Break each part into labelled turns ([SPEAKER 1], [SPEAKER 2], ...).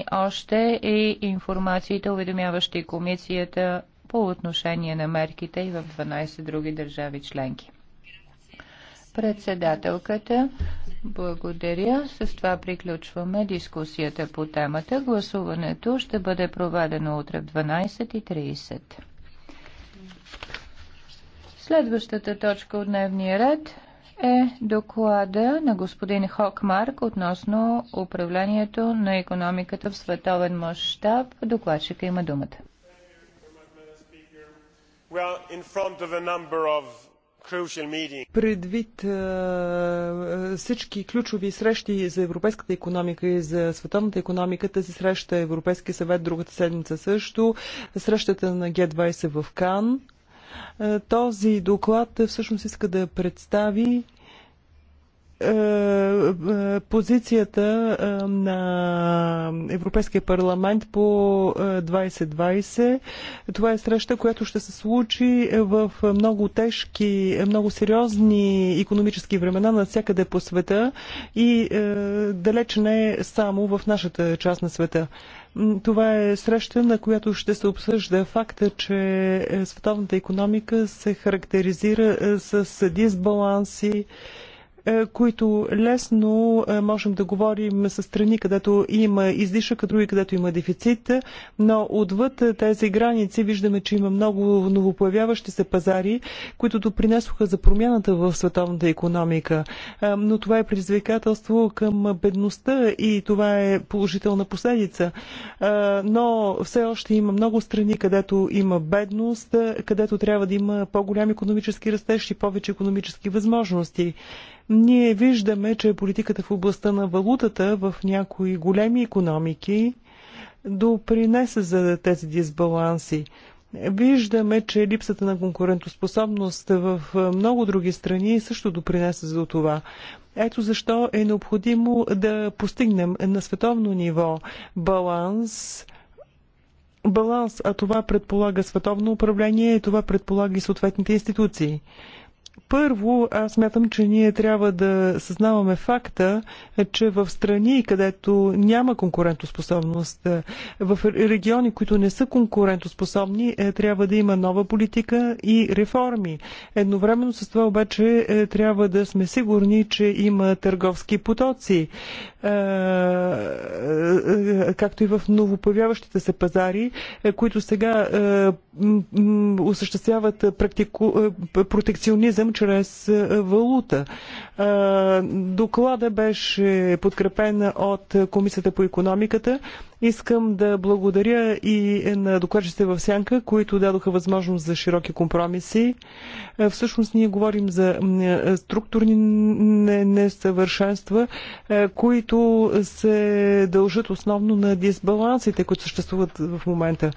[SPEAKER 1] и още и информациите, уведомяващи комисията по отношение на мерките и в 12 други държави членки. Председателката, благодаря. С това приключваме дискусията по темата. Гласуването ще бъде проведено утре в 12.30. Следващата точка от дневния ред е доклада на господин Хокмарк относно управлението на економиката в световен мащаб. Докладчика има думата.
[SPEAKER 2] Предвид всички ключови срещи за европейската економика и за световната економика, тази среща е Европейския съвет другата седмица също, срещата на Г20 в Кан, този доклад всъщност иска да представи е, е, позицията е, на Европейския парламент по 2020. Това е среща, която ще се случи в много тежки, много сериозни економически времена навсякъде по света и далеч не е само в нашата част на света. Това е среща, на която ще се обсъжда факта, че световната економика се характеризира с дисбаланси, е, които лесно е, можем да говорим с страни, където има излишък, а други, където има дефицит, но отвъд е, тези граници виждаме, че има много новопоявяващи се пазари, които допринесоха за промяната в световната економика. Но това е предизвикателство към бедността и това е положителна последица. Но все още има много страни, където има бедност, където трябва да има по-голям економически растеж и повече економически възможности. Ние виждаме, че политиката в областта на валутата в някои големи економики допринесе за тези дисбаланси. Виждаме, че липсата на конкурентоспособност в много други страни също допринесе за това. Ето защо е необходимо да постигнем на световно ниво баланс баланс, а това предполага световно управление и това предполага и съответните институции. Първо, аз мятам, че ние трябва да съзнаваме факта, че в страни, където няма конкурентоспособност, е, в региони, които не са конкурентоспособни, е, трябва да има нова политика и реформи. Едновременно с това обаче е, трябва да сме сигурни, че има търговски потоци, както и в новопоявяващите се пазари, които сега осъществяват протекционизъм чрез валута. Доклада беше подкрепен от Комисията по економиката. Искам да благодаря и на докладчите в Сянка, които дадоха възможност за широки компромиси. Е, всъщност ние говорим за е, структурни несъвършенства, е, които се дължат основно на дисбалансите, които съществуват в момента.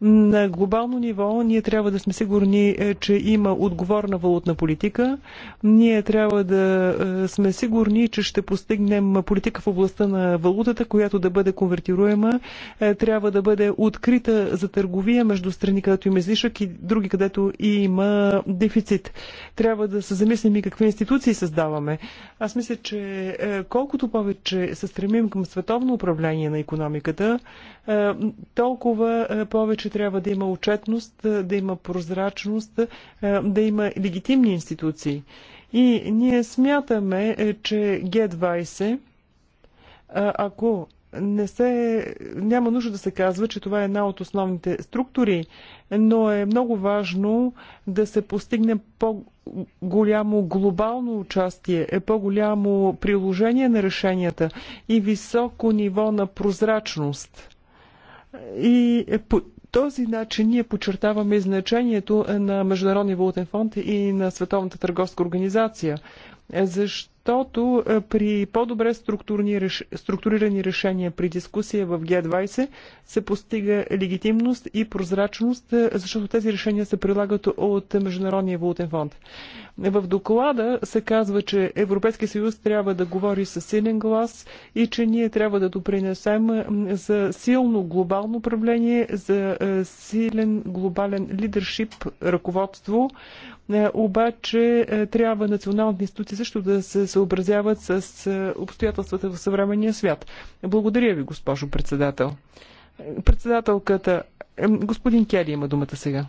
[SPEAKER 2] На глобално ниво ние трябва да сме сигурни, че има отговорна валутна политика. Ние трябва да сме сигурни, че ще постигнем политика в областта на валутата, която да бъде конвертируема система е, трябва да бъде открита за търговия между страни, където има излишък и други, където и има дефицит. Трябва да се замислим и какви институции създаваме. Аз мисля, че е, колкото повече се стремим към световно управление на економиката, е, толкова повече трябва да има отчетност, да има прозрачност, да има легитимни институции. И ние смятаме, че Г20, ако не се, няма нужда да се казва, че това е една от основните структури, но е много важно да се постигне по-голямо глобално участие, е по-голямо приложение на решенията и високо ниво на прозрачност. И е по този начин ние подчертаваме значението на Международния валутен фонд и на Световната търговска организация. Защо защото е, при по-добре структурирани решения при дискусия в Г20 се постига легитимност и прозрачност, е, защото тези решения се прилагат от Международния валутен фонд. В доклада се казва, че Европейския съюз трябва да говори с силен глас и че ние трябва да допринесем е, за силно глобално управление, за силен глобален лидершип, ръководство, е, обаче е, трябва националните институции също да се съобразяват с е, обстоятелствата в съвременния свят. Благодаря ви, госпожо председател. Председателката, господин Кели има думата сега.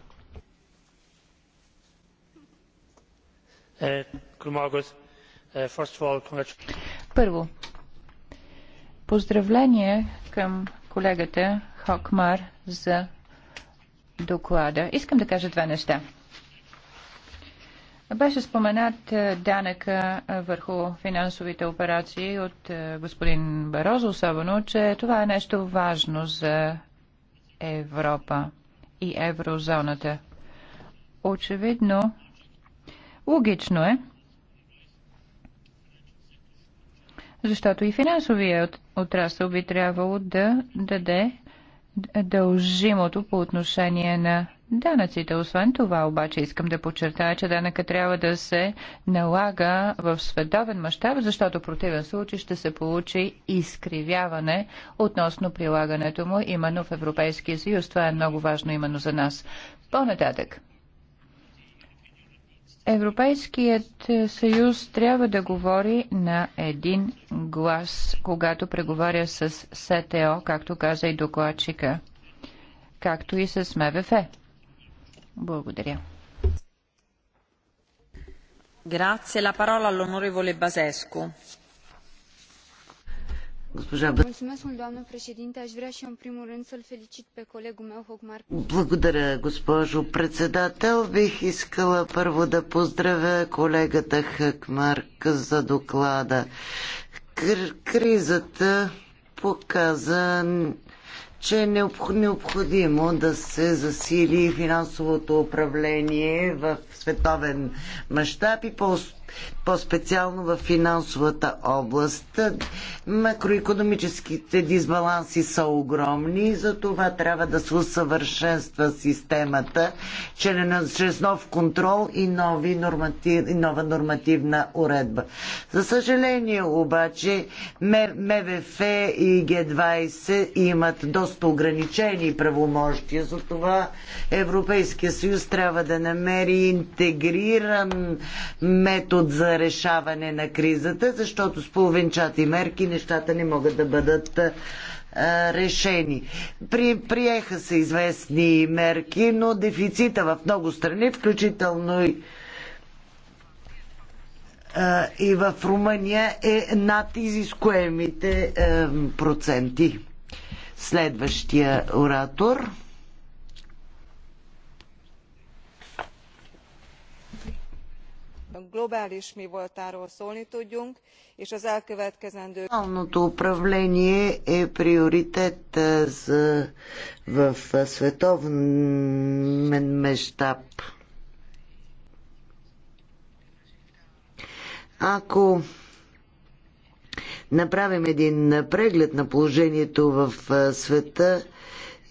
[SPEAKER 1] Първо, поздравление към колегата Хокмар за доклада. Искам да кажа две неща. Беше споменат е, данъка е, върху финансовите операции от е, господин Барозо, особено, че това е нещо важно за Европа и еврозоната. Очевидно, логично е, защото и финансовия отрасъл би трябвало да даде дължимото по отношение на данъците. Освен това, обаче, искам да подчертая, че данъка трябва да се налага в световен мащаб, защото в противен случай ще се получи изкривяване относно прилагането му именно в Европейския съюз. Това е много важно именно за нас. По-нататък. Европейският съюз трябва да говори на един глас, когато преговаря с СТО, както каза и докладчика, както и с МВФ. Благодаря. la parola all'onorevole Basescu.
[SPEAKER 3] Благодаря, госпожо председател. Бих искала първо да поздравя колегата Хакмарк за доклада. Кризата показа че е необходимо да се засили финансовото управление в световен мащаб и по по-специално в финансовата област. Макроекономическите дисбаланси са огромни, за това трябва да се усъвършенства системата чрез нов контрол и нови норматив, нова нормативна уредба. За съжаление обаче МВФ и Г20 имат доста ограничени правомощия, за това Европейския съюз трябва да намери интегриран метод метод за решаване на кризата, защото с половинчати мерки нещата не могат да бъдат решени. При, приеха се известни мерки, но дефицита в много страни, включително и и в Румъния е над изискуемите проценти. Следващия оратор. globális mivoltáról szólni tudjunk, és az elkövetkezendő... Глобалното управление е приоритет за, в световен мащаб. Ако направим един преглед на положението в света,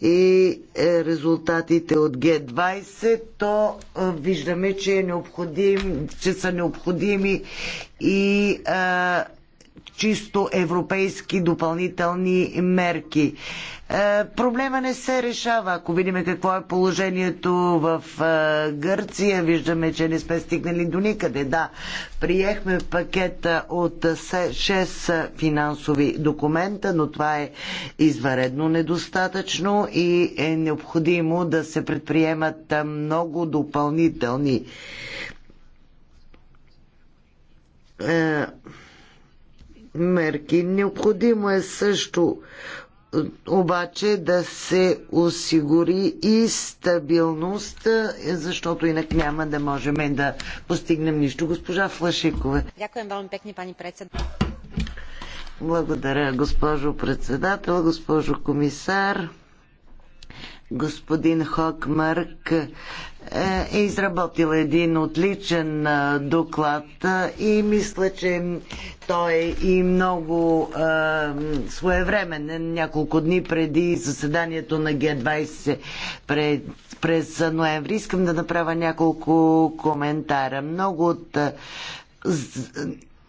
[SPEAKER 3] и е, резултатите от Г20, то е, виждаме, че, е необходим, че са необходими и а, е, чисто европейски допълнителни мерки. Е, проблема не се решава. Ако видим какво е положението в е, Гърция, виждаме, че не сме стигнали до никъде. Да, приехме пакета от 6 финансови документа, но това е изваредно недостатъчно и е необходимо да се предприемат много допълнителни е, мерки. Необходимо е също обаче да се осигури и стабилност, защото инак няма да можем да постигнем нищо. Госпожа Флашикова. Дякуем вам пекни, пани председател. Благодаря, госпожо председател, госпожо комисар господин Хокмарк е, е изработил един отличен е, доклад е, и мисля, че той е и много е, своевременен няколко дни преди заседанието на Г20 пред, през ноември. Искам да направя няколко коментара. Много от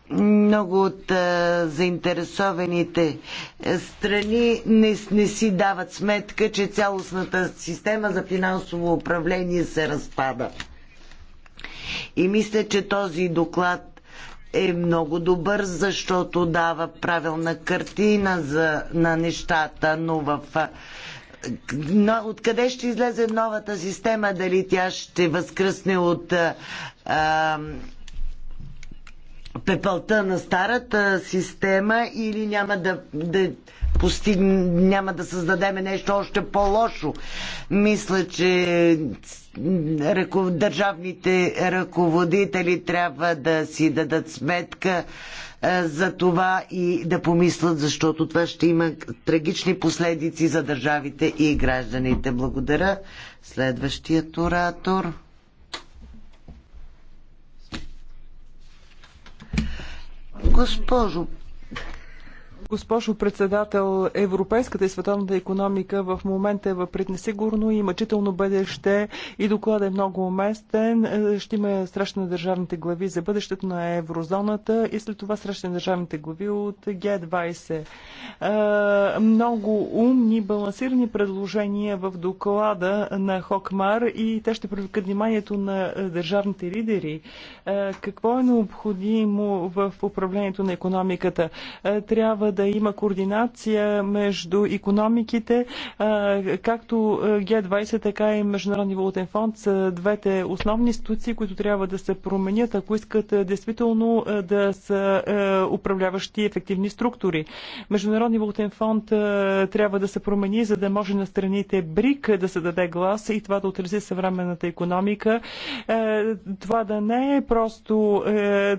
[SPEAKER 3] много от а, заинтересованите е, страни не, не си дават сметка, че цялостната система за финансово управление се разпада. И мисля, че този доклад е много добър, защото дава правилна картина за, на нещата, но в но откъде ще излезе новата система, дали тя ще възкръсне от а, пепелта на старата система или няма да, да постигнем, няма да създадем нещо още по-лошо. Мисля, че държавните ръководители трябва да си дадат сметка е, за това и да помислят, защото това ще има трагични последици за държавите и гражданите. Благодаря. Следващият оратор.
[SPEAKER 2] Госпожо Госпожо председател, европейската и световната економика в момента е въпред несигурно и мъчително бъдеще и доклад е много уместен. Е, ще има среща на държавните глави за бъдещето на еврозоната и след това среща на държавните глави от Г20. Е, много умни, балансирани предложения в доклада на Хокмар и те ще привлекат вниманието на е, държавните лидери. Какво е необходимо в управлението на економиката? Трябва да да има координация между економиките, както Г20, така и Международния валутен фонд са двете основни институции, които трябва да се променят, ако искат действително да са управляващи ефективни структури. Международни валутен фонд трябва да се промени, за да може на страните БРИК да се даде глас и това да отрази съвременната економика. Това да не е просто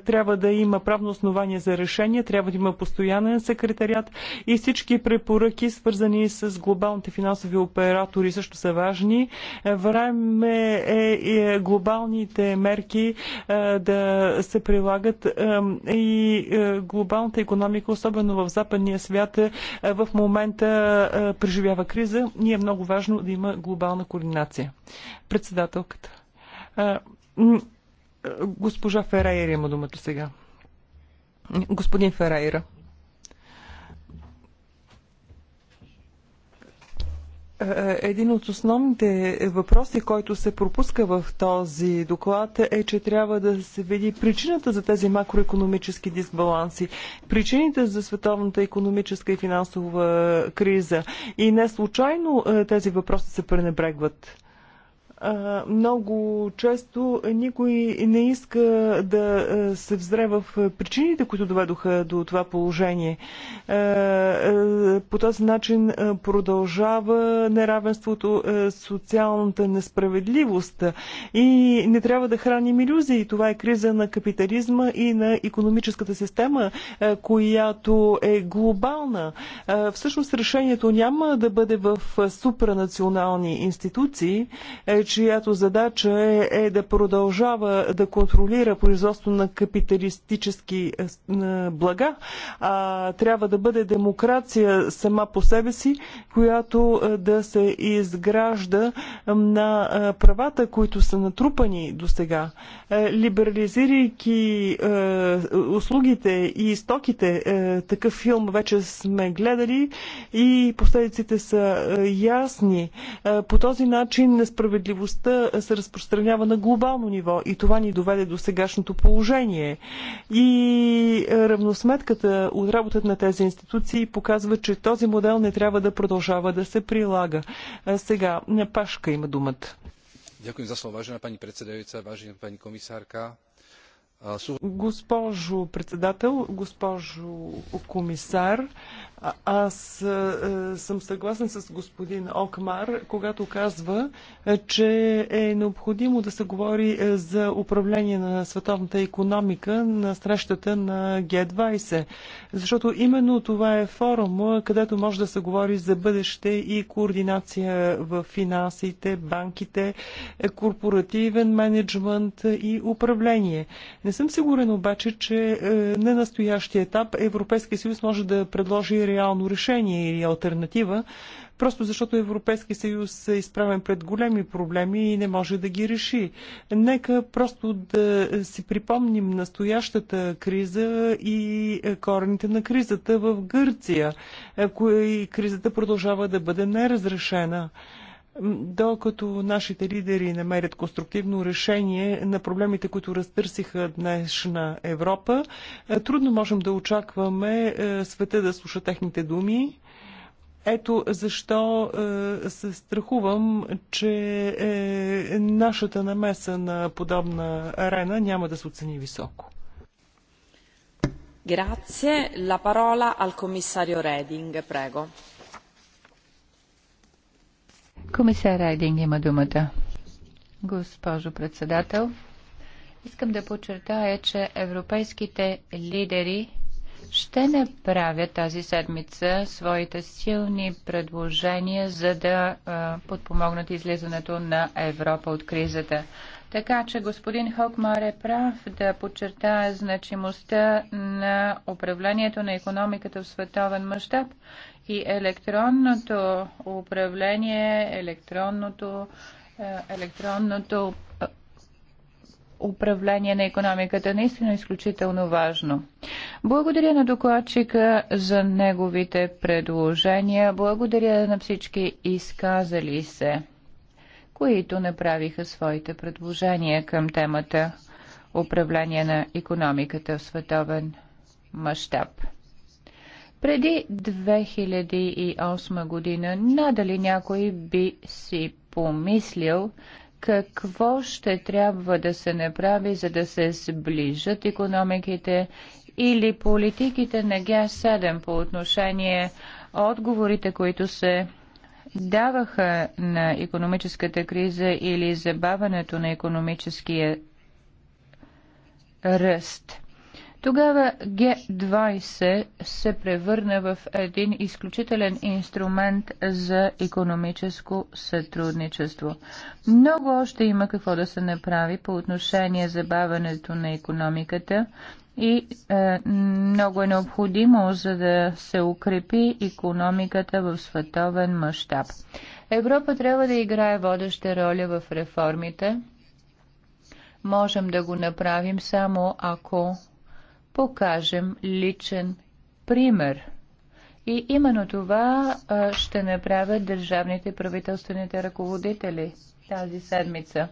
[SPEAKER 2] трябва да има правно основание за решение, трябва да има постоянен секретар секретарят и всички препоръки, свързани с глобалните финансови оператори, също са важни. Е, време е, е глобалните мерки е, да се прилагат и глобалната економика, особено в западния свят, в момента преживява криза и е много важно да има глобална координация. Председателката. Госпожа Ферайер има думата сега. Господин Ферайера. Е, един от основните въпроси, който се пропуска в този доклад е, че трябва да се види причината за тези макроекономически дисбаланси, причините за световната економическа и финансова криза. И не случайно е, тези въпроси се пренебрегват много често никой не иска да се взре в причините, които доведоха до това положение. По този начин продължава неравенството, социалната несправедливост и не трябва да храним иллюзии. Това е криза на капитализма и на економическата система, която е глобална. Всъщност решението няма да бъде в супранационални институции, чиято задача е, е да продължава да контролира производство на капиталистически е, блага, а трябва да бъде демокрация сама по себе си, която е, да се изгражда е, на правата, които са натрупани до сега. Либерализирайки услугите и стоките, такъв филм вече сме гледали и последиците са ясни. По този начин несправедливо справедливостта се разпространява на глобално ниво и това ни доведе до сегашното положение. И е, равносметката от работата на тези институции показва, че този модел не трябва да продължава да се прилага. Е, сега Пашка има думата.
[SPEAKER 3] Дякую за слово, vážená pani predsedajúca,
[SPEAKER 2] vážená pani komisárka. Госпожо председател, госпожо комисар, аз съм съгласен с господин Окмар, когато казва, че е необходимо да се говори за управление на световната економика на срещата на Г-20. Защото именно това е форум, където може да се говори за бъдеще и координация в финансите, банките, корпоративен менеджмент и управление. Не съм сигурен обаче, че е, на настоящия етап Европейския съюз може да предложи реално решение или альтернатива, просто защото Европейския съюз е изправен пред големи проблеми и не може да ги реши. Нека просто да си припомним настоящата криза и е, корените на кризата в Гърция, е, кои кризата продължава да бъде неразрешена докато нашите лидери намерят конструктивно решение на проблемите, които разтърсиха днешна Европа, е, трудно можем да очакваме е, света да слуша техните думи. Ето защо е, се страхувам, че е, нашата намеса на подобна арена няма да се оцени високо.
[SPEAKER 1] Грация. La parola al commissario Reding, prego. Комисар Райдинг има думата. Госпожо председател, искам да подчертая, че европейските лидери ще направят тази седмица своите силни предложения, за да подпомогнат излизането на Европа от кризата. Така че господин Хокмар е прав да подчертае значимостта на управлението на економиката в световен мащаб и електронното управление, електронното, е, електронното е, управление на економиката наистина е изключително важно. Благодаря на докладчика за неговите предложения. Благодаря на всички изказали се които направиха своите предложения към темата управление на економиката в световен мащаб. Преди 2008 година надали някой би си помислил какво ще трябва да се направи, за да се сближат економиките или политиките на Г7 по отношение отговорите, които се даваха на економическата криза или забаването на економическия ръст. Тогава Г-20 се превърна в един изключителен инструмент за економическо сътрудничество. Много още има какво да се направи по отношение забаването на економиката, и е, много е необходимо, за да се укрепи економиката в световен мащаб. Европа трябва да играе водеща роля в реформите. Можем да го направим само ако покажем личен пример. И именно това е, ще направят държавните правителствените ръководители тази седмица.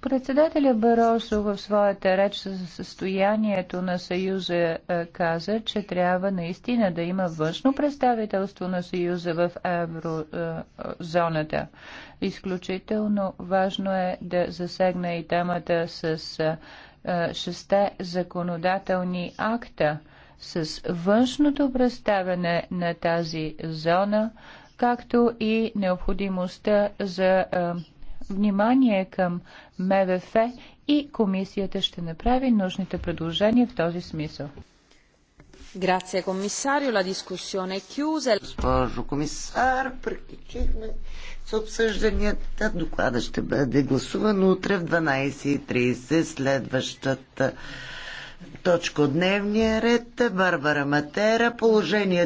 [SPEAKER 1] Председателя Баросо в своята реч за състоянието на Съюза каза, че трябва наистина да има външно представителство на Съюза в еврозоната. Изключително важно е да засегна и темата с шесте законодателни акта, с външното представяне на тази зона, както и необходимостта за внимание към МВФ и комисията ще направи нужните предложения в този смисъл. Grazie commissario, la discussione è chiusa.
[SPEAKER 3] Госпожо комисар, приключихме с обсъжданията. Доклада ще бъде гласуван утре в 12.30. Следващата точка от дневния ред. Барбара Матера, положението